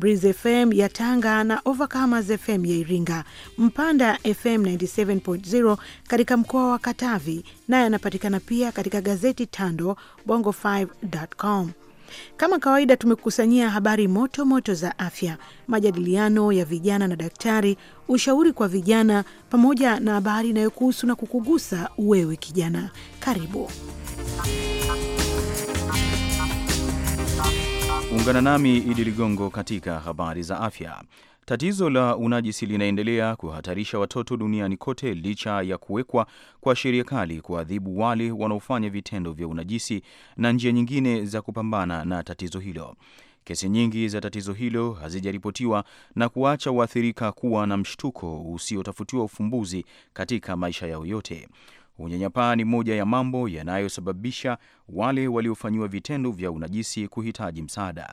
Breeze FM ya Tanga na Overcomers FM ya Iringa, Mpanda FM 97.0 katika mkoa wa Katavi, naye anapatikana pia katika gazeti Tando Bongo5.com. Kama kawaida tumekusanyia habari moto moto za afya, majadiliano ya vijana na daktari, ushauri kwa vijana, pamoja na habari inayokuhusu na kukugusa wewe kijana. Karibu. Ungana nami Idi Ligongo katika habari za afya. Tatizo la unajisi linaendelea kuhatarisha watoto duniani kote licha ya kuwekwa kwa sheria kali kuadhibu wale wanaofanya vitendo vya unajisi na njia nyingine za kupambana na tatizo hilo. Kesi nyingi za tatizo hilo hazijaripotiwa na kuacha waathirika kuwa na mshtuko usiotafutiwa ufumbuzi katika maisha yao yote. Unyanyapaa ni moja ya mambo yanayosababisha wale waliofanyiwa vitendo vya unajisi kuhitaji msaada.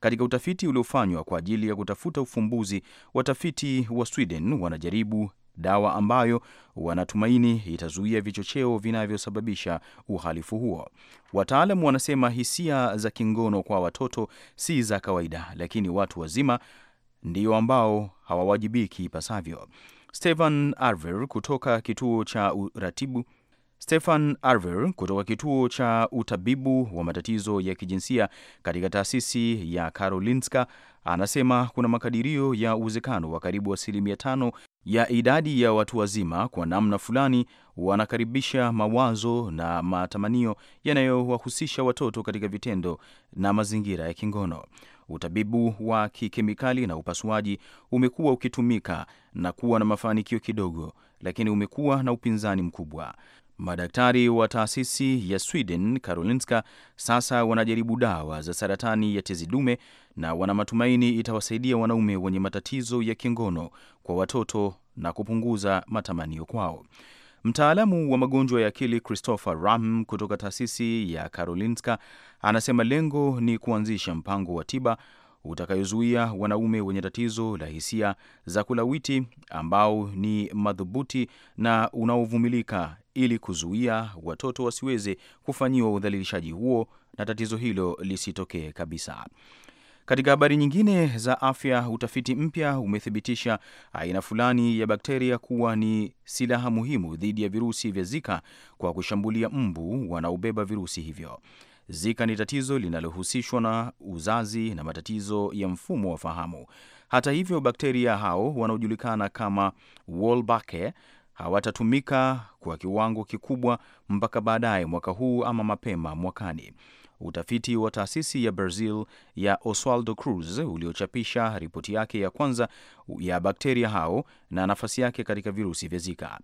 Katika utafiti uliofanywa kwa ajili ya kutafuta ufumbuzi, watafiti wa Sweden wanajaribu dawa ambayo wanatumaini itazuia vichocheo vinavyosababisha uhalifu huo. Wataalamu wanasema hisia za kingono kwa watoto si za kawaida, lakini watu wazima ndio ambao hawawajibiki ipasavyo. Stefan Arver kutoka kituo cha uratibu Stefan Arver kutoka kituo cha utabibu wa matatizo ya kijinsia katika taasisi ya Karolinska anasema kuna makadirio ya uwezekano wa karibu asilimia tano ya idadi ya watu wazima kwa namna fulani wanakaribisha mawazo na matamanio yanayowahusisha watoto katika vitendo na mazingira ya kingono. Utabibu wa kikemikali na upasuaji umekuwa ukitumika na kuwa na mafanikio kidogo, lakini umekuwa na upinzani mkubwa. Madaktari wa taasisi ya Sweden Karolinska sasa wanajaribu dawa za saratani ya tezi dume na wana matumaini itawasaidia wanaume wenye matatizo ya kingono kwa watoto na kupunguza matamanio kwao. Mtaalamu wa magonjwa ya akili Christopher Ram kutoka taasisi ya Karolinska anasema lengo ni kuanzisha mpango wa tiba utakayozuia wanaume wenye tatizo la hisia za kulawiti ambao ni madhubuti na unaovumilika ili kuzuia watoto wasiweze kufanyiwa udhalilishaji huo na tatizo hilo lisitokee kabisa. Katika habari nyingine za afya, utafiti mpya umethibitisha aina fulani ya bakteria kuwa ni silaha muhimu dhidi ya virusi vya Zika kwa kushambulia mbu wanaobeba virusi hivyo. Zika ni tatizo linalohusishwa na uzazi na matatizo ya mfumo wa fahamu. Hata hivyo, bakteria hao wanaojulikana kama Wolbachia hawatatumika kwa kiwango kikubwa mpaka baadaye mwaka huu ama mapema mwakani. Utafiti wa taasisi ya Brazil ya Oswaldo Cruz uliochapisha ripoti yake ya kwanza ya bakteria hao na nafasi yake katika virusi vya Zika.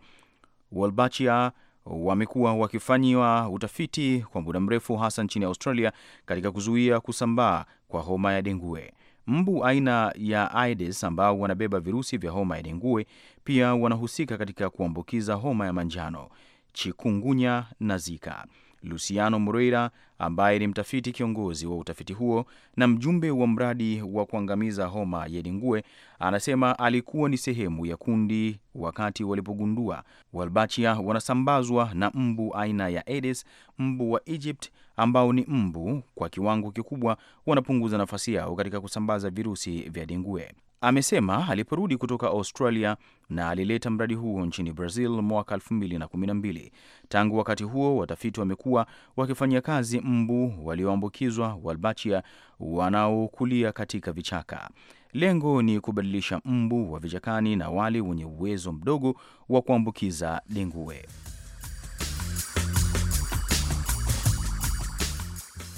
Wolbachia wamekuwa wakifanyiwa utafiti kwa muda mrefu hasa nchini Australia katika kuzuia kusambaa kwa homa ya dengue. Mbu aina ya Aedes ambao wanabeba virusi vya homa ya dengue pia wanahusika katika kuambukiza homa ya manjano, chikungunya na Zika. Luciano Moreira ambaye ni mtafiti kiongozi wa utafiti huo na mjumbe wa mradi wa kuangamiza homa ya dengue, anasema alikuwa ni sehemu ya kundi wakati walipogundua walbachia wanasambazwa na mbu aina ya Aedes, mbu wa Egypt ambao ni mbu, kwa kiwango kikubwa wanapunguza nafasi yao katika kusambaza virusi vya dengue. Amesema aliporudi kutoka Australia na alileta mradi huo nchini Brazil mwaka 2012. Tangu wakati huo watafiti wamekuwa wakifanyia kazi mbu walioambukizwa walbachia wanaokulia katika vichaka. Lengo ni kubadilisha mbu wa vichakani na wale wenye uwezo mdogo wa kuambukiza dengue.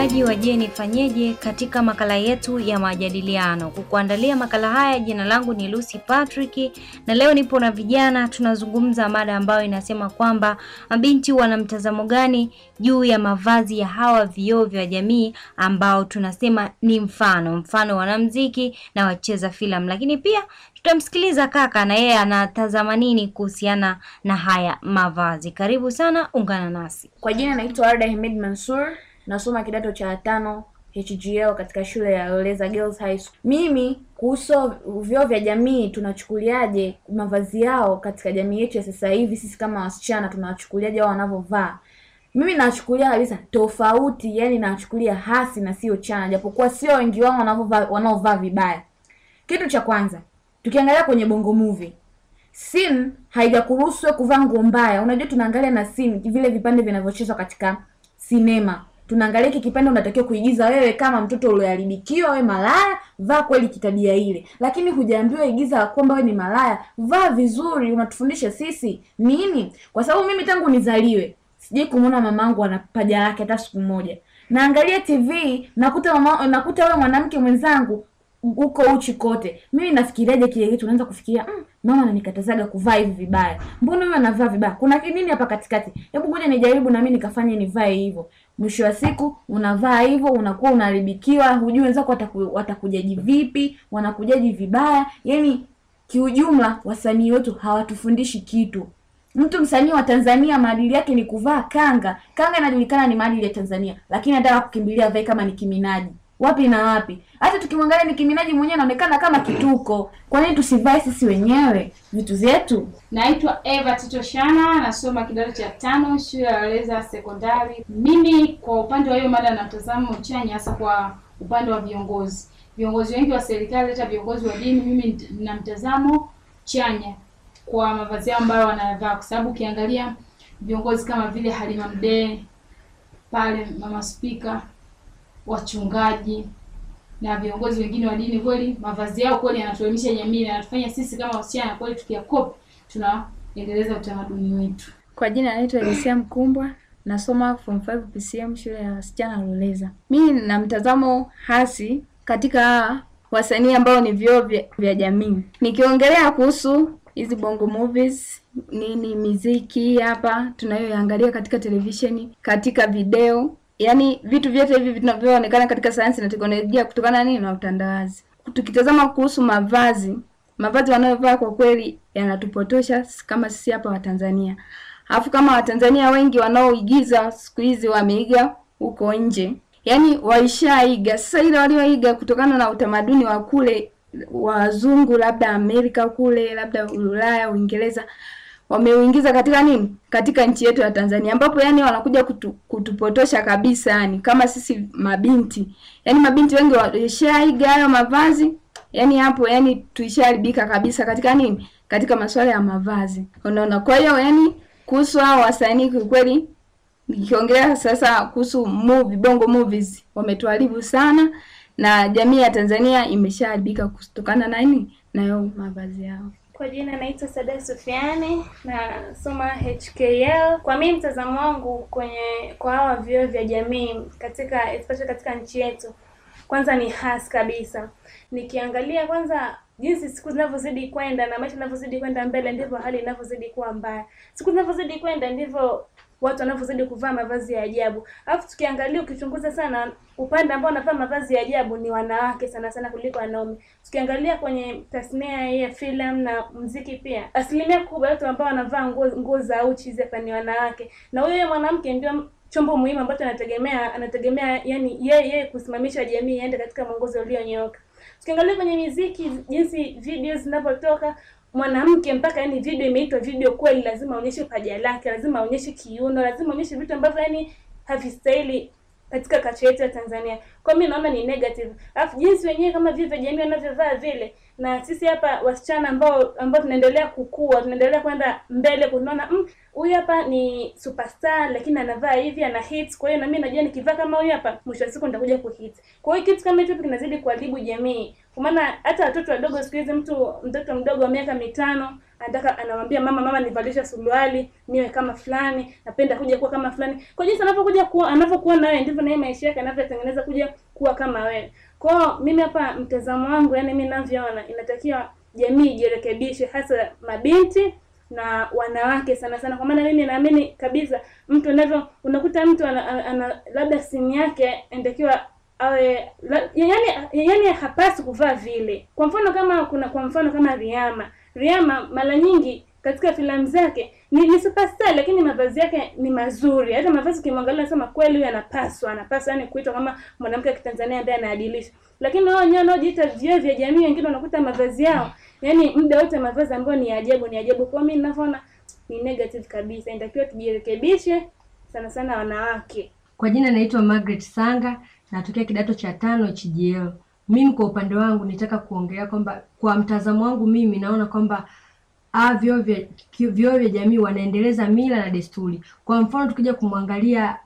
msikilizaji wa Je Nifanyeje katika makala yetu ya majadiliano. Kukuandalia makala haya, jina langu ni Lucy Patrick na leo nipo na vijana, tunazungumza mada ambayo inasema kwamba mabinti wana mtazamo gani juu ya mavazi ya hawa vioo vya jamii ambao tunasema ni mfano mfano wanamuziki na wacheza filamu, lakini pia tutamsikiliza kaka na yeye anatazama nini kuhusiana na haya mavazi. Karibu sana, ungana nasi. Kwa jina naitwa Arda Ahmed Mansur nasoma kidato cha tano HGL katika shule ya Loleza Girls High School. Mimi kuhusu vyoo vya jamii tunachukuliaje mavazi yao katika jamii yetu ya sasa hivi, sisi kama wasichana tunawachukuliaje wao wanavyovaa? Mimi nachukulia kabisa tofauti, yani nachukulia hasi na sio chana, japokuwa sio wengi wao wanaovaa wanaovaa vibaya. Kitu cha kwanza, tukiangalia kwenye Bongo Movie sin haijakuruhusu kuvaa nguo mbaya. Unajua tunaangalia na sin vile vipande vinavyochezwa katika sinema tunaangalia hiki kipande unatakiwa kuigiza wewe kama mtoto ulioharibikiwa, wewe malaya, vaa kweli kitabia ile. Lakini hujaambiwa igiza kwamba wewe ni malaya, vaa vizuri. Unatufundisha sisi nini? Kwa sababu mimi tangu nizaliwe sijai kumwona mamangu ana paja lake hata siku moja. Naangalia TV nakuta mama, nakuta wewe mwanamke mwenzangu uko uchi kote. Mimi nafikiriaje kile kitu? Naanza kufikiria mm, mama nanikatazaga kuvaa hivi vibaya, mbona huyo anavaa vibaya? Kuna nini hapa katikati? Hebu moja nijaribu na mimi nikafanye nivae hivyo mwisho wa siku unavaa hivyo unakuwa unaharibikiwa, hujui wenzako wataku, watakujaji vipi, wanakujaji vibaya. Yani kiujumla wasanii wetu hawatufundishi kitu. Mtu msanii wa Tanzania maadili yake ni kuvaa kanga. Kanga inajulikana ni maadili ya Tanzania, lakini anataka kukimbilia vae kama ni kiminaji wapi na wapi. Hata tukimwangalia Nicki Minaj mwenyewe anaonekana kama kituko. Kwa nini tusivae sisi wenyewe vitu zetu Naitwa Eva Titoshana, nasoma kidato cha tano shule ya Waleza Sekondari. Mimi kwa upande wa hiyo mada na mtazamo chanya, hasa kwa upande wa viongozi, viongozi wengi wa serikali, hata viongozi wa dini, mimi na mtazamo chanya kwa mavazi yao ambayo wanavaa, kwa sababu ukiangalia viongozi kama vile Halima Mdee pale, mama spika wachungaji na viongozi wengine wa dini, kweli mavazi yao kweli yanatuelimisha jamii na yanatufanya sisi kama wasichana kweli tukiyakopi tunaendeleza utamaduni wetu. Kwa jina anaitwa Elisia Mkumbwa, nasoma form 5 PCM shule ya wasichana Loleza. Mimi na mtazamo hasi katika wasanii ambao ni vyoo vya, vya jamii. Nikiongelea kuhusu hizi bongo movies nini miziki hapa tunayoangalia katika televisheni, katika video yaani vitu vyote hivi vinavyoonekana katika sayansi na teknolojia kutokana na nini na utandawazi. Tukitazama kuhusu mavazi, mavazi wanayovaa kwa kweli yanatupotosha kama sisi hapa Watanzania. Alafu kama Watanzania wengi wanaoigiza siku hizi wameiga huko nje, yaani waishaiga sasa, ile walioiga kutokana na utamaduni wa kule wazungu, labda Amerika kule, labda Ulaya, Uingereza wameuingiza katika nini, katika nchi yetu ya Tanzania, ambapo yani wanakuja kutu, kutupotosha kabisa, yani kama sisi mabinti, yani mabinti wengi washaiga hayo mavazi, yani hapo, yani tuishaharibika kabisa katika nini, katika masuala ya mavazi, unaona. Kwa hiyo yani kuhusu hao wasanii kiukweli, nikiongelea sasa kuhusu movie, bongo movies wametuharibu sana, na jamii ya Tanzania imeshaharibika kutokana na nini, nayo mavazi yao. Kwa jina naitwa Sadaa Sufiani soma HKL. Kwa mimi mtazamo wangu kwenye kwa hawa vyuo vya jamii katika especially katika nchi yetu, kwanza ni has kabisa. Nikiangalia kwanza jinsi siku zinavyozidi kwenda na maisha yanavyozidi kwenda mbele, ndivyo hali inavyozidi kuwa mbaya. Siku zinavyozidi kwenda ndivyo watu wanavyozidi kuvaa mavazi ya ajabu. Alafu tukiangalia ukichunguza sana upande ambao wanavaa mavazi ya ajabu ni wanawake sana sana kuliko wanaume. Tukiangalia kwenye tasnia ya filamu na mziki pia, asilimia kubwa ya watu ambao wanavaa nguo nguo za uchi hizi hapa ni wanawake, na huyo mwanamke ndio chombo muhimu ambacho anategemea anategemea yani yeye ye, kusimamisha jamii iende katika mwongozo ulionyooka. Tukiangalia kwenye miziki, jinsi video zinavyotoka, mwanamke mpaka yani video imeitwa video kweli, lazima aonyeshe paja lake, lazima aonyeshe kiuno, lazima aonyeshe vitu ambavyo yani havistahili katika kacha yetu ya Tanzania. Kwa mimi naona ni negative, alafu jinsi wenyewe kama vile jamii wanavyovaa vile na sisi hapa wasichana ambao ambao tunaendelea kukua, tunaendelea kwenda mbele, kunaona mm, huyu hapa ni superstar lakini anavaa hivi, ana hits. Kwa hiyo na mimi najua nikivaa kama huyu hapa, mwisho wa siku nitakuja ku hit Kwa hiyo kitu kama hicho kinazidi kuadhibu jamii, kwa maana hata watoto wadogo siku hizi, mtu mtoto mdogo wa miaka mitano anataka anamwambia mama, mama, nivalisha suruali niwe kama fulani, napenda kuja kuwa kama fulani. Kwa jinsi anavyokuja kuwa, anavyokuwa na wewe, ndivyo na maisha yake anavyotengeneza kuja kuwa kama wewe. Kwao mimi hapa mtazamo wangu, yani mimi ninavyoona, inatakiwa jamii ijirekebishe, hasa mabinti na wanawake sana sana, kwa maana mimi naamini kabisa mtu anavyo, unakuta mtu ana, ana, ana labda simu yake inatakiwa awe yani, yani hapasi kuvaa vile. Kwa mfano kama kuna kwa mfano kama Riyama, Riyama mara nyingi katika filamu zake ni, ni superstar lakini mavazi yake ni mazuri. Hata mavazi ukimwangalia nasema kweli huyu anapaswa, anapaswa yani kuitwa kama mwanamke wa Kitanzania ambaye anaadilisha. Lakini wao wenyewe wanaojiita vioo vya jamii, wengine wanakuta mavazi yao yani muda wote mavazi ambayo ni ajabu, ni ajabu. Kwa mimi ninavyoona ni negative kabisa, inatakiwa tujirekebishe, sana sana wanawake. Kwa jina naitwa Margaret Sanga, natokea kidato cha tano HGL. Mimi kwa upande wangu nitaka kuongelea kwamba kwa mtazamo wangu mimi naona kwamba a vyoo vya jamii wanaendeleza mila na desturi kwa mfano tukija kumwangalia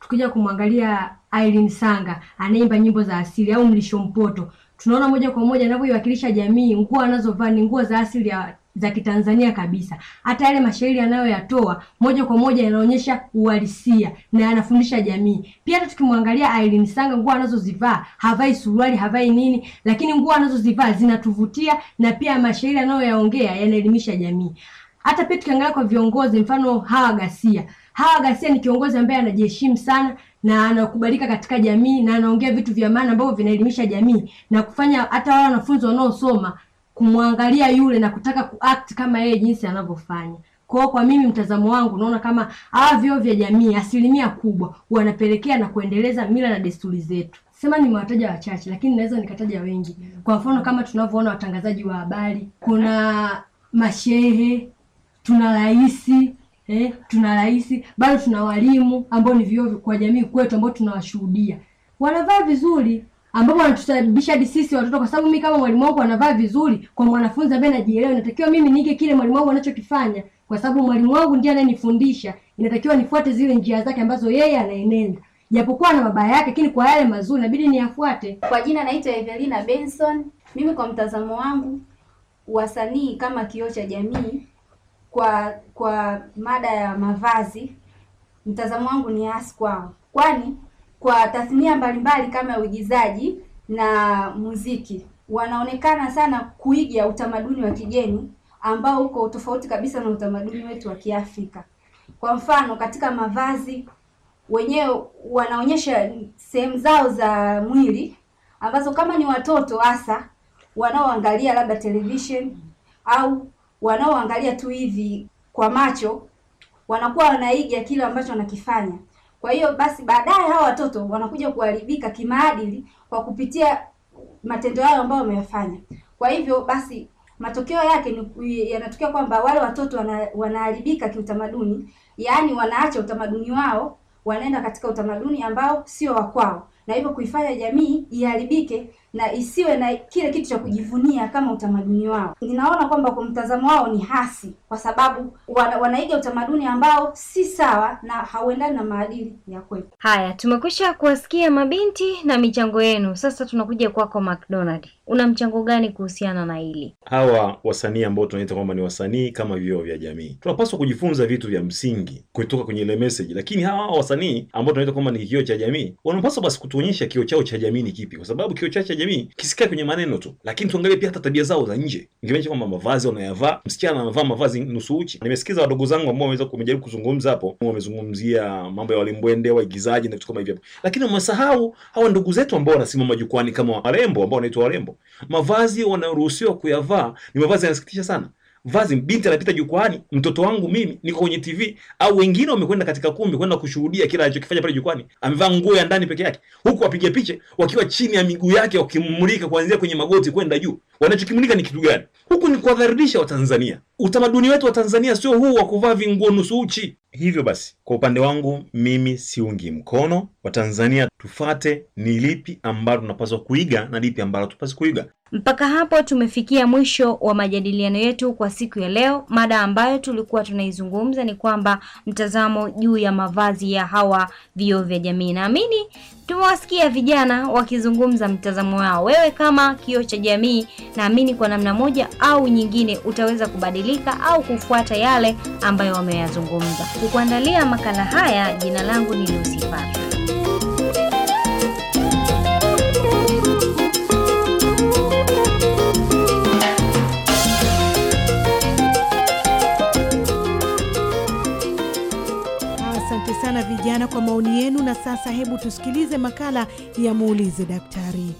tukija kumwangalia Irene Sanga anaimba nyimbo za asili au Mlisho Mpoto, tunaona moja kwa moja anavyoiwakilisha jamii. Nguo anazovaa ni nguo za asili ya za Kitanzania kabisa. Hata yale mashairi anayoyatoa moja kwa moja yanaonyesha uhalisia na yanafundisha jamii. Pia hata tukimwangalia Aileen Sanga, nguo anazozivaa havai suruali, havai nini, lakini nguo anazozivaa zinatuvutia na pia mashairi anayoyaongea yanaelimisha jamii. Hata pia tukiangalia kwa viongozi, mfano Hawa Ghasia. Hawa Ghasia ni kiongozi ambaye anajiheshimu sana na anakubalika katika jamii na anaongea vitu vya maana ambavyo vinaelimisha jamii na kufanya hata wale wanafunzi wanaosoma kumwangalia yule na kutaka kuact kama yeye jinsi anavyofanya. Kwa kwa mimi mtazamo wangu naona kama hawa vyuo vya jamii asilimia kubwa wanapelekea na kuendeleza mila na desturi zetu. Sema nimewataja wachache, lakini naweza nikataja wengi. Kwa mfano kama tunavyoona watangazaji wa habari, kuna mashehe, tuna rais eh, tuna rais, bado tuna walimu ambao ni vyuo kwa jamii kwetu ambao tunawashuhudia wanavaa vizuri ambapo wanatusababisha hadi sisi watoto, kwa sababu mimi kama mwalimu wangu anavaa vizuri, kwa mwanafunzi ambaye anajielewa, inatakiwa mimi nige kile mwalimu wangu anachokifanya, kwa sababu mwalimu wangu ndiye anayenifundisha. Inatakiwa nifuate zile njia zake ambazo yeye anaenenda, japokuwa na mabaya yake, lakini kwa yale mazuri inabidi niyafuate. Kwa jina naitwa Evelina Benson. Mimi kwa mtazamo wangu, wasanii kama kioo cha jamii, kwa kwa mada ya mavazi, mtazamo wangu ni hasi kwao, kwani kwa tasnia mbalimbali kama ya uigizaji na muziki wanaonekana sana kuiga utamaduni wa kigeni ambao uko tofauti kabisa na utamaduni wetu wa Kiafrika. Kwa mfano, katika mavazi wenyewe wanaonyesha sehemu zao za mwili ambazo kama ni watoto hasa wanaoangalia labda television au wanaoangalia tu hivi kwa macho, wanakuwa wanaiga kile ambacho wanakifanya. Kwa hiyo basi baadaye hawa watoto wanakuja kuharibika kimaadili kwa kupitia matendo yao ambayo wameyafanya. Kwa hivyo basi matokeo yake ni yanatokea kwamba wale watoto wana, wanaharibika kiutamaduni, yaani wanaacha utamaduni wao wanaenda katika utamaduni ambao sio wa kwao, na hivyo kuifanya jamii iharibike na isiwe na kile kitu cha kujivunia kama utamaduni wao. Ninaona kwamba kwa mtazamo wao ni hasi, kwa sababu wana, wanaiga utamaduni ambao si sawa na hauendani na maadili ya kwetu. Haya, tumekwisha kuwasikia mabinti na michango yenu, sasa tunakuja kwako McDonald, una mchango gani kuhusiana na hili? Hawa wasanii ambao tunaita kwamba ni wasanii kama vioo vya jamii, tunapaswa kujifunza vitu vya msingi kutoka kwenye ile message, lakini hawa wasanii ambao tunaita kwamba ni kioo cha jamii, wanapaswa basi kutuonyesha kioo chao cha jamii ni kipi, kwa sababu kioo cha jamii kisikae kwenye maneno tu, lakini tuangalie pia hata tabia zao za nje, ingemaanisha kwamba mavazi wanayavaa, msichana anavaa mavazi nusu uchi. Nimesikiza wadogo zangu ambao wameweza kumejaribu kuzungumza hapo, wamezungumzia mambo ya walimbwende, waigizaji na vitu kama hivyo hapo, lakini wamesahau hawa ndugu zetu ambao wanasimama jukwani kama warembo ambao wanaitwa warembo. Mavazi wanaruhusiwa kuyavaa ni mavazi yanasikitisha sana vazi, binti anapita jukwani mtoto wangu mimi niko kwenye TV, au wengine wamekwenda katika kumbi kwenda kushuhudia kila alichokifanya pale jukwani. Amevaa nguo ya ndani peke yake, huku wapiga picha wakiwa chini ya miguu yake, wakimulika kuanzia kwenye magoti kwenda juu. Wanachokimulika ni kitu gani? Huku ni kuwadharidisha Watanzania. Utamaduni wetu wa Tanzania sio huu wa kuvaa vinguo nusu uchi. Hivyo basi kwa upande wangu mimi siungi mkono. Watanzania tufate ni lipi ambalo tunapaswa kuiga na lipi ambalo tupasi kuiga. Mpaka hapo tumefikia mwisho wa majadiliano yetu kwa siku ya leo. Mada ambayo tulikuwa tunaizungumza ni kwamba mtazamo juu ya mavazi ya hawa vioo vya jamii. Naamini tumewasikia vijana wakizungumza mtazamo wao. Wewe kama kioo cha jamii, naamini kwa namna moja au nyingine utaweza kubadilika au kufuata yale ambayo wameyazungumza. Kukuandalia makala haya, jina langu ni Lucy Pata. Asante sana vijana kwa maoni yenu, na sasa hebu tusikilize makala ya muulize daktari.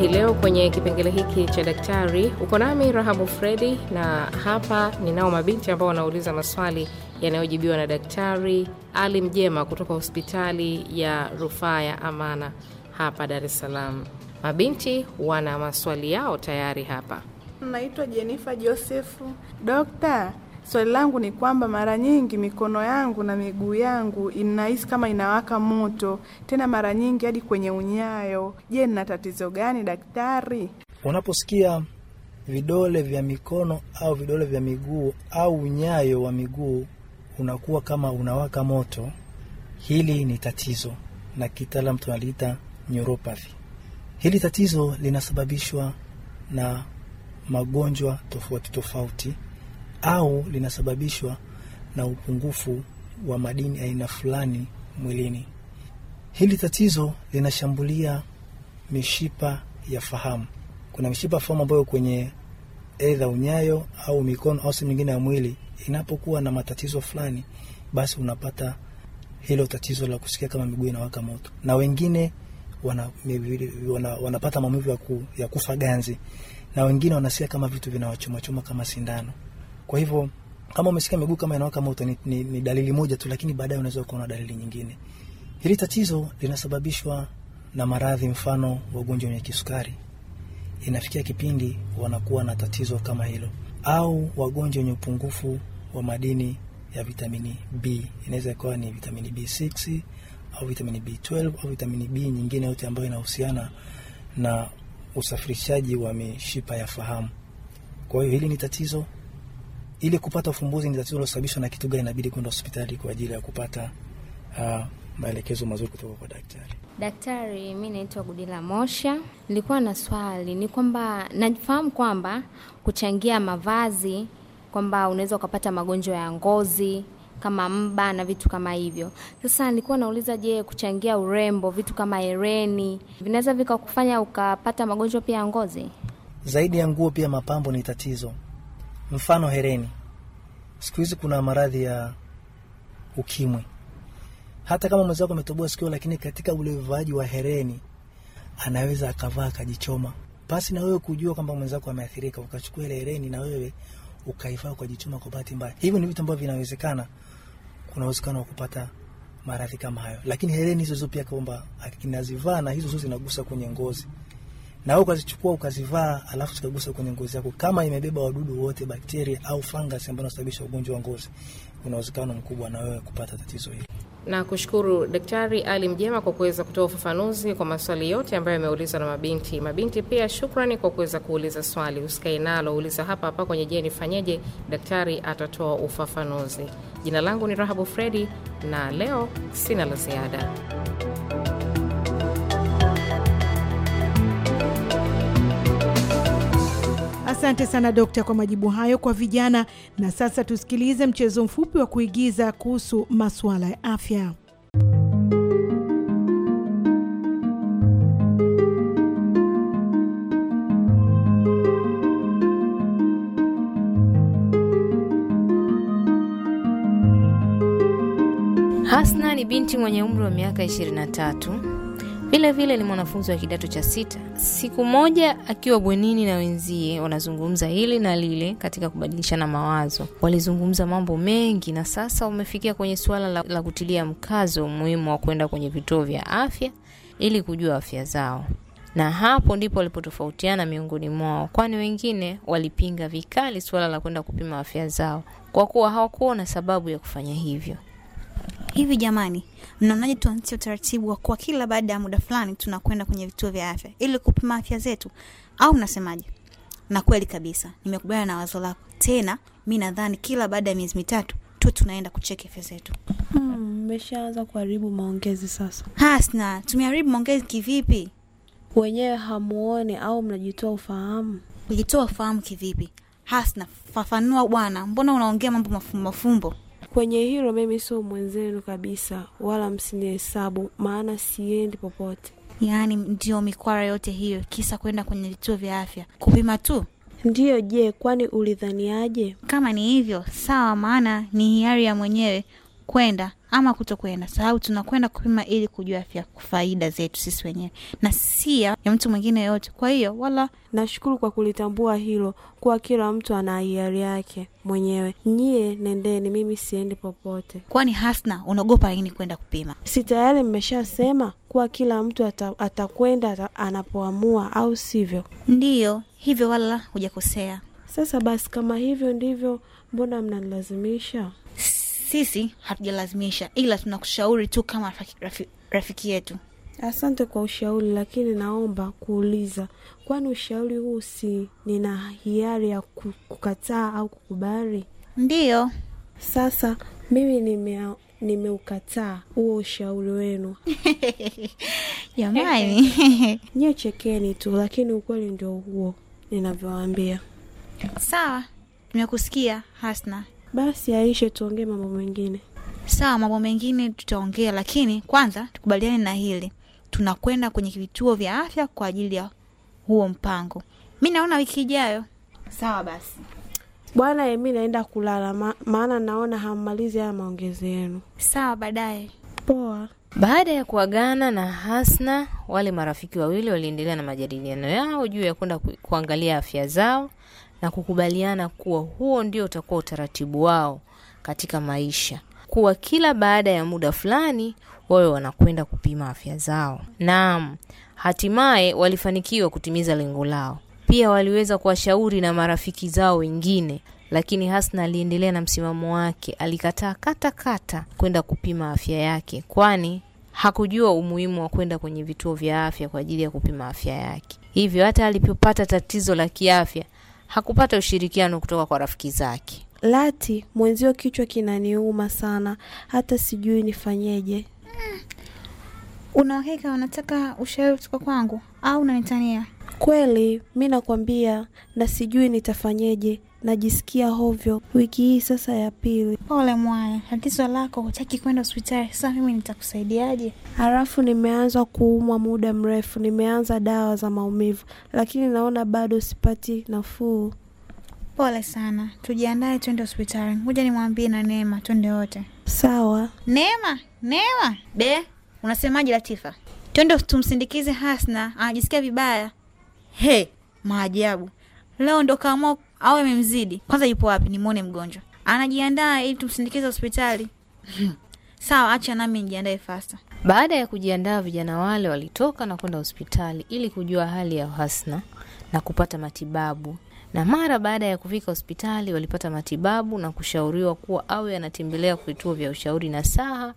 hii leo kwenye kipengele hiki cha daktari. Uko nami Rahabu Fredi, na hapa ninao mabinti ambao wanauliza maswali yanayojibiwa na Daktari Ali Mjema kutoka hospitali ya rufaa ya Amana hapa Dar es Salaam. Mabinti wana maswali yao tayari hapa. Naitwa Jenifa Josefu. Dokta, Swali langu ni kwamba mara nyingi mikono yangu na miguu yangu inahisi kama inawaka moto, tena mara nyingi hadi kwenye unyayo. Je, nina tatizo gani daktari? Unaposikia vidole vya mikono au vidole vya miguu au unyayo wa miguu unakuwa kama unawaka moto, hili ni tatizo, na kitaalam tunaliita neuropathy. Hili tatizo linasababishwa na magonjwa tofauti tofauti au linasababishwa na upungufu wa madini aina fulani mwilini. Hili tatizo linashambulia mishipa ya fahamu. Kuna mishipa fahamu ambayo kwenye edha unyayo au mikono au sehemu nyingine ya mwili inapokuwa na matatizo fulani, basi unapata hilo tatizo la kusikia kama miguu inawaka moto, na wengine wana, wana, wanapata maumivu ya kufa ganzi, na wengine wanasikia kama vitu vinawachomachoma kama sindano. Kwa hivyo kama umesikia miguu kama inawaka moto ni, ni, ni dalili moja tu, lakini baadaye unaweza ukaona dalili nyingine. Hili tatizo linasababishwa na maradhi, mfano wagonjwa wenye kisukari inafikia kipindi wanakuwa na tatizo kama hilo, au wagonjwa wenye upungufu wa madini ya vitamini B, inaweza ikawa ni vitamini B6 au vitamini B12 au vitamini B nyingine yote ambayo inahusiana na usafirishaji wa mishipa ya fahamu. Kwa hiyo hili ni tatizo ili kupata ufumbuzi ni tatizo lilosababishwa na kitu gani, inabidi kwenda hospitali kwa ajili ya kupata uh, maelekezo mazuri kutoka kwa daktari. Daktari, mi naitwa Gudila Mosha. Nilikuwa na swali, ni kwamba nafahamu kwamba kuchangia mavazi kwamba unaweza ukapata magonjwa ya ngozi kama mba na vitu kama hivyo. Sasa nilikuwa nauliza, je, kuchangia urembo, vitu kama hereni vinaweza vikakufanya ukapata magonjwa pia ya ngozi? Zaidi ya nguo, pia mapambo ni tatizo mfano hereni. Siku hizi kuna maradhi ya ukimwi. Hata kama mwenzako ametoboa sikio, lakini katika ule uvaaji wa hereni anaweza akavaa akajichoma, basi na wewe kujua kwamba mwenzako ameathirika, ukachukua ile hereni na wewe ukaivaa ukajichoma kwa bahati mbaya. Hivyo ni vitu ambavyo vinawezekana, kuna uwezekano wa kupata maradhi kama hayo, lakini hereni hizo hizo pia kwamba akinazivaa na hizo hizo zinagusa kwenye ngozi na wewe ukazichukua ukazivaa, alafu zikagusa kwenye ngozi yako, kama imebeba wadudu wote, bakteria au fungus ambao unasababisha ugonjwa wa ngozi, kuna uwezekano mkubwa na wewe kupata tatizo hili. Na kushukuru Daktari Ali Mjema kwa kuweza kutoa ufafanuzi kwa maswali yote ambayo yameulizwa na mabinti. Mabinti pia shukrani kwa kuweza kuuliza swali, usikae nalo, uliza hapa hapa kwenye Je Nifanyeje, daktari atatoa ufafanuzi. Jina langu ni Rahabu Fredi na leo sina la ziada. Asante sana dokta kwa majibu hayo kwa vijana. Na sasa tusikilize mchezo mfupi wa kuigiza kuhusu masuala ya afya. Hasna ni binti mwenye umri wa miaka 23 vile vile ni mwanafunzi wa kidato cha sita. Siku moja akiwa bwenini na wenzie wanazungumza hili na lile katika kubadilishana mawazo, walizungumza mambo mengi na sasa wamefikia kwenye suala la, la kutilia mkazo umuhimu wa kwenda kwenye vituo vya afya ili kujua afya zao, na hapo ndipo walipotofautiana miongoni mwao, kwani wengine walipinga vikali suala la kwenda kupima afya zao kwa kuwa hawakuona sababu ya kufanya hivyo hivi jamani, mnaonaje tuanzie utaratibu wa kuwa kila baada ya muda fulani tunakwenda kwenye vituo vya afya ili kupima afya zetu, au mnasemaje? Na kweli kabisa, nimekubaliana na wazo lako. Tena mi nadhani kila baada ya miezi mitatu tu tunaenda kucheki afya zetu. Hmm, mmeshaanza hmm, kuharibu maongezi sasa. Hasna, tumeharibu maongezi kivipi? Wenyewe hamuone au mnajitoa ufahamu? Kujitoa ufahamu kivipi? Hasna, fafanua bwana, mbona unaongea mambo mafumbo mafumbo? Kwenye hilo mimi sio mwenzenu kabisa, wala msinihesabu, maana siendi popote. Yaani ndiyo mikwara yote hiyo, kisa kwenda kwenye vituo vya afya kupima tu? Ndiyo. Je, kwani ulidhaniaje? Kama ni hivyo sawa, maana ni hiari ya mwenyewe kwenda ama kutokwenda. Sababu tunakwenda kupima ili kujua afya faida zetu sisi wenyewe na sia ya mtu mwingine yoyote. Kwa hiyo wala, nashukuru kwa kulitambua hilo kuwa kila mtu ana hiari yake mwenyewe. Nyie nendeni, mimi siendi popote. Kwani Hasna, unaogopa lini kwenda kupima? Si tayari mmeshasema kuwa kila mtu atakwenda ata ata anapoamua, au sivyo? Ndiyo hivyo, wala hujakosea. Sasa basi, kama hivyo ndivyo, mbona mnanilazimisha? Sisi hatujalazimisha, ila tunakushauri tu kama rafiki, rafiki yetu. Asante kwa ushauri, lakini naomba kuuliza, kwani ushauri huu si nina hiari ya kukataa au kukubali? Ndiyo. Sasa mimi nime nimeukataa huo ushauri wenu jamani. Nyiwe chekeni tu, lakini ukweli ndio huo ninavyowambia Sawa, nimekusikia Hasna. Basi aishe, tuongee mambo mengine. Sawa, mambo mengine tutaongea, lakini kwanza tukubaliane na hili, tunakwenda kwenye vituo vya afya kwa ajili ya huo mpango. Mi naona wiki ijayo. Sawa basi bwana, emi eh, naenda kulala ma, maana naona hammalizi haya maongezi yenu. Sawa, baadaye. Poa. Baada ya kuagana na Hasna, wale marafiki wawili waliendelea na majadiliano yao juu ya kwenda kuangalia afya zao na kukubaliana kuwa huo ndio utakuwa utaratibu wao katika maisha, kuwa kila baada ya muda fulani wawe wanakwenda kupima afya zao. Naam, hatimaye walifanikiwa kutimiza lengo lao. Pia waliweza kuwashauri na marafiki zao wengine, lakini Hasna aliendelea na msimamo wake. Alikataa kata kata kwenda kupima afya yake, kwani hakujua umuhimu wa kwenda kwenye vituo vya afya kwa ajili ya kupima afya yake. Hivyo hata alipopata tatizo la kiafya hakupata ushirikiano kutoka kwa rafiki zake. Lati mwenzio, kichwa kinaniuma sana, hata sijui nifanyeje. Hmm, Unahakika unataka ushauri kutoka kwangu au unanitania? Kweli mi nakwambia, na sijui nitafanyeje najisikia hovyo wiki hii sasa ya pili. Pole mwana, tatizo lako hutaki kwenda hospitali. Sasa mimi nitakusaidiaje? Halafu nimeanza kuumwa muda mrefu, nimeanza dawa za maumivu, lakini naona bado sipati nafuu. Pole sana, tujiandae twende hospitali. Ngoja nimwambie na Neema twende wote. Sawa. Neema, Neema be, unasemaje Latifa? Twende tumsindikize Hasna, anajisikia vibaya. He, maajabu! Leo ndo kaamua au amemzidi? Kwanza yupo wapi? Nimwone mgonjwa, anajiandaa ili tumsindikize hospitali. Hmm. Sawa, acha nami nijiandae fasta. Baada ya kujiandaa, vijana wale walitoka na kwenda hospitali ili kujua hali ya Hasna na kupata matibabu na mara baada ya kufika hospitali walipata matibabu na kushauriwa kuwa awe anatembelea vituo vya ushauri na saha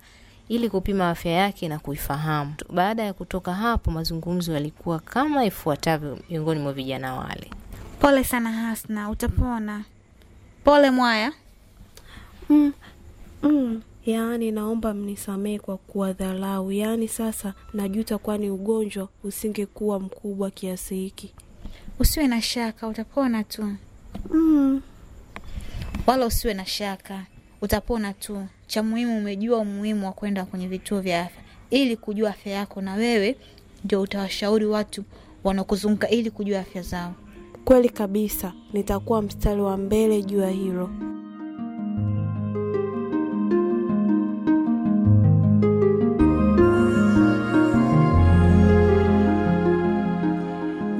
ili kupima afya yake na kuifahamu. Baada ya kutoka hapo, mazungumzo yalikuwa kama ifuatavyo miongoni mwa vijana wale. Pole sana Hasna, utapona. Pole Mwaya. Mm, mm. Yaani naomba mnisamehe kwa kuwadharau. Yaani sasa najuta, kwani ugonjwa usingekuwa mkubwa kiasi hiki. Usiwe na shaka, utapona tu. Mm. Wala usiwe na shaka, utapona tu. Cha muhimu umejua umuhimu wa kwenda kwenye vituo vya afya ili kujua afya yako, na wewe ndio utawashauri watu wanaokuzunguka ili kujua afya zao. Kweli kabisa, nitakuwa mstari wa mbele juu ya hilo.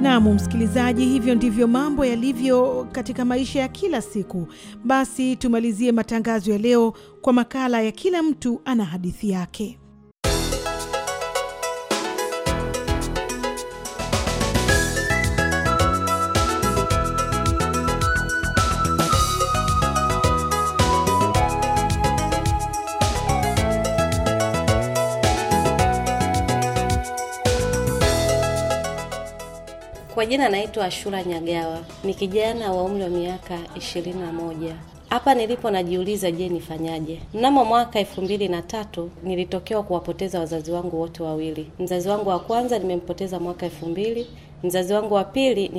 Naam, msikilizaji, hivyo ndivyo mambo yalivyo katika maisha ya kila siku. Basi tumalizie matangazo ya leo kwa makala ya kila mtu ana hadithi yake. jina naitwa Ashura Nyagawa, ni kijana wa umri wa miaka 21. Hapa nilipo najiuliza, je, nifanyaje? Mnamo mwaka elfu mbili na tatu nilitokewa kuwapoteza wazazi wangu wote wawili. Mzazi wangu wa kwanza nimempoteza mwaka elfu mbili Mzazi wangu wa pili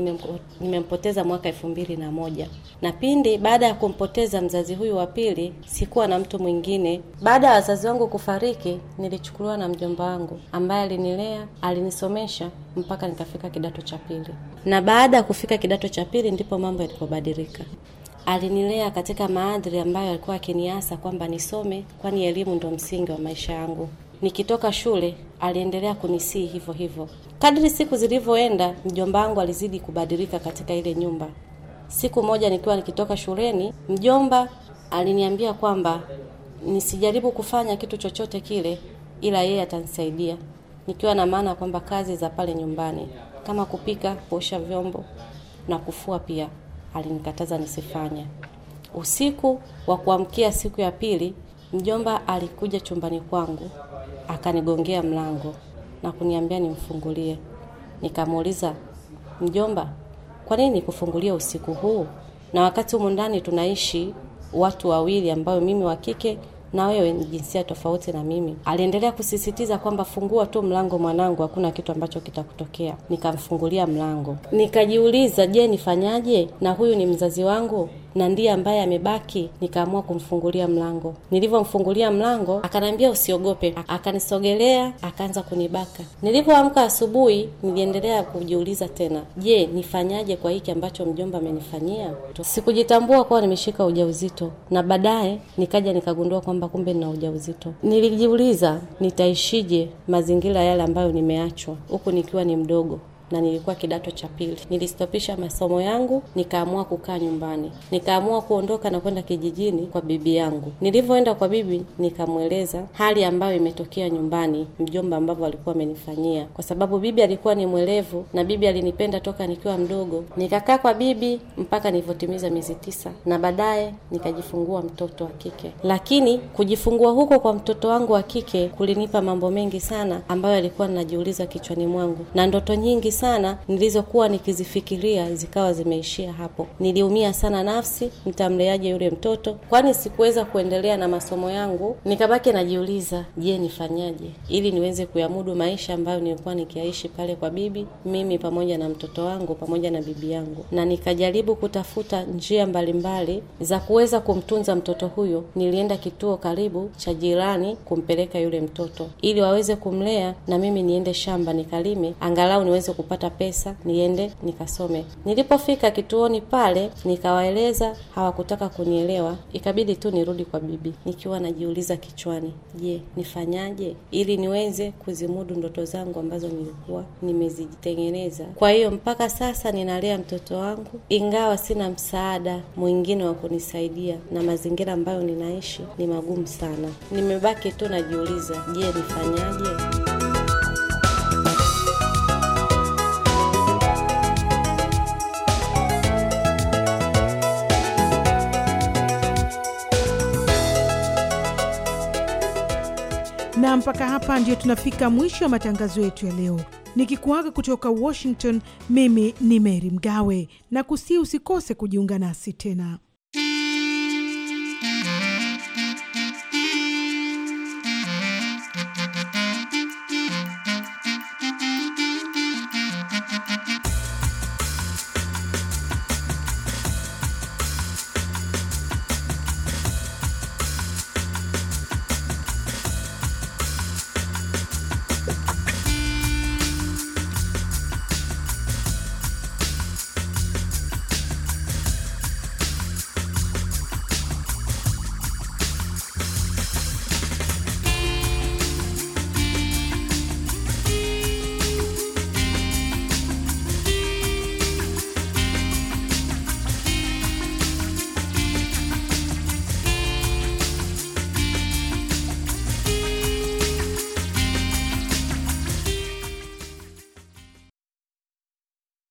nimempoteza mwaka elfu mbili na moja na pindi baada ya kumpoteza mzazi huyu wa pili sikuwa na mtu mwingine. Baada ya wazazi wangu kufariki, nilichukuliwa na mjomba wangu ambaye alinilea, alinisomesha mpaka nikafika kidato cha pili, na baada ya kufika kidato cha pili ndipo mambo yalipobadilika. Alinilea katika maadhiri ambayo alikuwa akiniasa kwamba nisome, kwani elimu ndo msingi wa maisha yangu. Nikitoka shule aliendelea kunisii hivyo hivyo. Kadri siku zilivyoenda, mjomba wangu alizidi kubadilika katika ile nyumba. Siku moja nikiwa nikitoka shuleni, mjomba aliniambia kwamba nisijaribu kufanya kitu chochote kile, ila yeye atanisaidia, nikiwa na maana kwamba kazi za pale nyumbani kama kupika, kuosha vyombo na kufua pia alinikataza nisifanye. Usiku wa kuamkia siku ya pili, mjomba alikuja chumbani kwangu akanigongea mlango na kuniambia nimfungulie. Nikamuuliza, mjomba, kwa nini nikufungulia usiku huu na wakati humu ndani tunaishi watu wawili ambao mimi wa kike na wewe ni jinsia tofauti na mimi. Aliendelea kusisitiza kwamba fungua tu mlango mwanangu, hakuna kitu ambacho kitakutokea. Nikamfungulia mlango, nikajiuliza, je, nifanyaje? Na huyu ni mzazi wangu, na ndiye ambaye amebaki, nikaamua kumfungulia mlango. Nilivyomfungulia mlango, akanaambia usiogope, akanisogelea, akaanza kunibaka. Nilivyoamka asubuhi, niliendelea kujiuliza tena, je, nifanyaje kwa hiki ambacho mjomba amenifanyia? Sikujitambua kuwa nimeshika ujauzito, na baadaye nikaja nikagundua kwamba kumbe nina ujauzito. Nilijiuliza nitaishije mazingira yale ambayo nimeachwa huku nikiwa ni mdogo na nilikuwa kidato cha pili. Nilistopisha masomo yangu, nikaamua kukaa nyumbani, nikaamua kuondoka na kwenda kijijini kwa bibi yangu. Nilivyoenda kwa bibi, nikamweleza hali ambayo imetokea nyumbani, mjomba ambavyo alikuwa amenifanyia, kwa sababu bibi alikuwa ni mwelevu na bibi alinipenda toka nikiwa mdogo. Nikakaa kwa bibi mpaka nilivyotimiza miezi tisa, na baadaye nikajifungua mtoto wa kike. Lakini kujifungua huko kwa mtoto wangu wa kike kulinipa mambo mengi sana ambayo alikuwa najiuliza kichwani mwangu na ndoto nyingi sana nilizokuwa nikizifikiria zikawa zimeishia hapo. Niliumia sana nafsi, nitamleaje yule mtoto? Kwani sikuweza kuendelea na masomo yangu, nikabaki najiuliza, je, nifanyaje ili niweze kuyamudu maisha ambayo nilikuwa nikiyaishi pale kwa bibi, mimi pamoja na mtoto wangu pamoja na bibi yangu, na nikajaribu kutafuta njia mbalimbali mbali za kuweza kumtunza mtoto huyo. Nilienda kituo karibu cha jirani kumpeleka yule mtoto ili waweze kumlea na mimi niende shamba nikalime, angalau niweze kupata pesa niende nikasome. Nilipofika kituoni pale, nikawaeleza, hawakutaka kunielewa, ikabidi tu nirudi kwa bibi nikiwa najiuliza kichwani, je, nifanyaje ili niweze kuzimudu ndoto zangu ambazo nilikuwa nimezitengeneza. Kwa hiyo mpaka sasa ninalea mtoto wangu, ingawa sina msaada mwingine wa kunisaidia, na mazingira ambayo ninaishi ni magumu sana. Nimebaki tu najiuliza, je, nifanyaje? mpaka hapa ndio tunafika mwisho wa matangazo yetu ya leo, nikikuaga kutoka Washington. Mimi ni mery Mgawe na kusii, usikose kujiunga nasi tena.